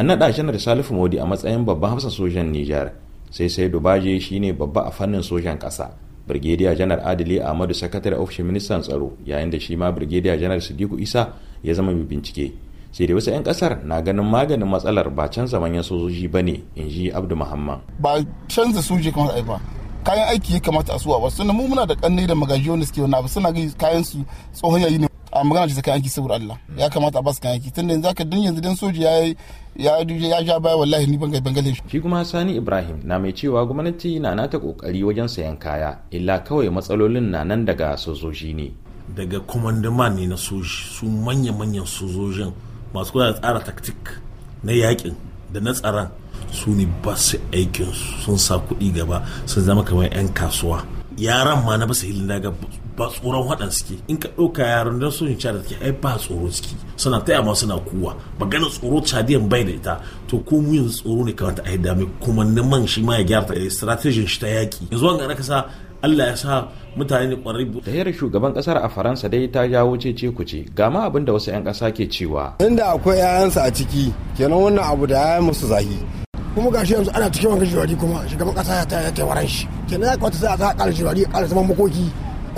an naɗa janar salifu modi a matsayin babban hafsan sojan nijar sai sai dubaje shine babba a fannin sojan ƙasa birgediya janar adili ahmadu sakatare ofishin ministan tsaro yayin da shi ma birgediya janar sidiku isa ya zama mai bincike sai da wasu 'yan kasar na ganin maganin matsalar ba canza manyan sojoji ba ne in ji abdu muhamman ba canza sojoji kamar ba kayan aiki ya kamata a suwa ba sannan mu muna da kanne da magajiyo da suke wani abu suna ga kayan su tsohon yayi ne a magana ce ta yanki saboda Allah ya kamata a basu su kayan tunda yanzu haka dan yanzu dan soji ya ya ya ja baya wallahi ni ban bangale shi kuma Sani Ibrahim na mai cewa gwamnati na nata kokari wajen sayan kaya illa kawai matsalolin na nan daga sojoji ne daga commandement ne na soji su manya-manyan sojojin masu kula da tsara taktik na yakin da na tsaron su ne ba su aikin sun sa kuɗi gaba sun zama kamar 'yan kasuwa yaran ma na ba su hilin daga ba tsoron haɗan suke in ka ɗauka ya don sojin chad da suke ai ba tsoro suke suna ta yamma suna kuwa magana tsoro chadiyan bai da ita to ko mu yanzu tsoro ne kamata a yi dame kuma man shi ma ya gyara ta eh, strategy shi ta yaƙi yanzu an kasa Allah ya sa mutane da Tahiyar shugaban kasar a Faransa dai ta jawo ce kuce ga ma abin da wasu 'yan kasa ke cewa. Inda akwai 'ya'yansa a ciki kenan wannan abu da ya musu zahi. kuma gashi yanzu ana cikin wanka shirari kuma shugaban kasa ya ta yi waran shi kenan ya kwata sai a za a ƙara shirari a ƙara zaman makoki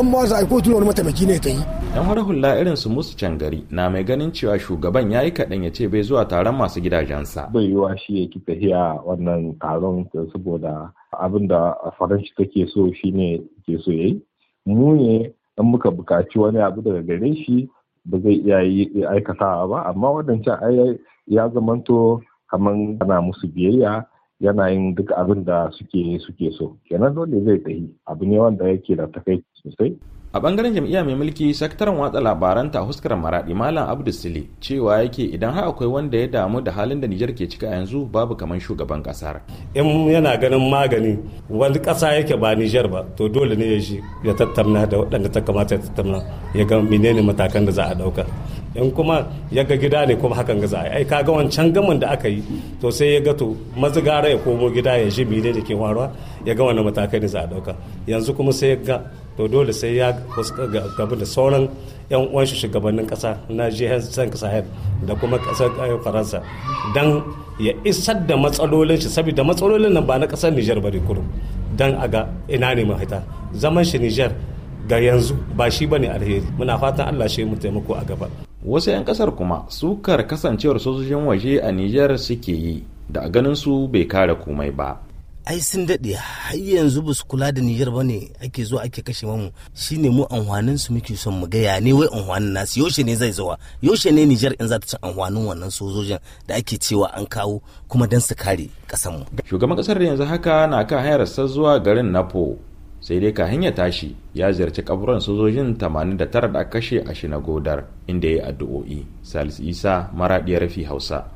in ma za a yi ko tun wani mataimaki ne ta yi yan har hula irin su musu cangari na mai ganin cewa shugaban ya yi kaɗan ya ce bai zuwa taron masu gidajensa bai yiwa shi ya ki tafiya wannan taron saboda abin da faranshi take so shi ne ke so ya yi, mu ne in muka buƙaci wani abu daga gare shi ba zai iya yi aikatawa ba amma wadancan ya zamanto kamar ana musu biyayya yanayin yin duk abin da suke suke so kenan dole zai tafi abu ne wanda yake da takaici sosai a bangaren jam'iyya mai mulki sakataren watsa labaran ta huskar maradi malam abdul sile cewa yake idan har akwai wanda ya damu da halin da nijar ke cika yanzu babu kamar shugaban kasar in yana ganin magani wani kasa yake ba nijar ba to dole ne ya shi ya tattauna da waɗanda ta kamata ya tattauna ya ga menene matakan da za a ɗauka in kuma ya ga gida ne kuma hakan gaza ai kaga wancan gaman da aka yi to sai ya ga to mazigara ya komo gida ya ji mene da ke faruwa ya ga wannan matakai ne za a dauka yanzu kuma sai ya ga to dole sai ya gabu da sauran yan uwan shi shugabannin kasa na jihar san sahel da kuma kasar eh, faransa dan ya isar da matsalolin shi saboda matsalolin nan ba na kasar niger ba ne dan a ga ina ne mahita zaman shi nijar ga yanzu ba shi bane alheri muna fatan allah shi mu taimako a gaba wasu 'yan kasar kuma sukar kasancewar sojojin waje a nijar suke yi da a ganin su bai kare komai ba ai sun daɗe har yanzu ba su kula da nijar ba ne ake zuwa ake kashe mamu shine mu anhwanin su muke son mu gaya ne wai anhwanin nasu yaushe ne zai zuwa yaushe ne nijar in za ta ci anhwanin wannan sojojin da ake cewa an kawo kuma don su kare kasar mu shugaban ƙasar yanzu haka na kan hanyar zuwa garin napo sai dai ka ya tashi ya ziyarci kaburan sojojin 89 da aka kashe a shi na godar inda ya yi addu'o'i salis isa maraɗiyar rafi hausa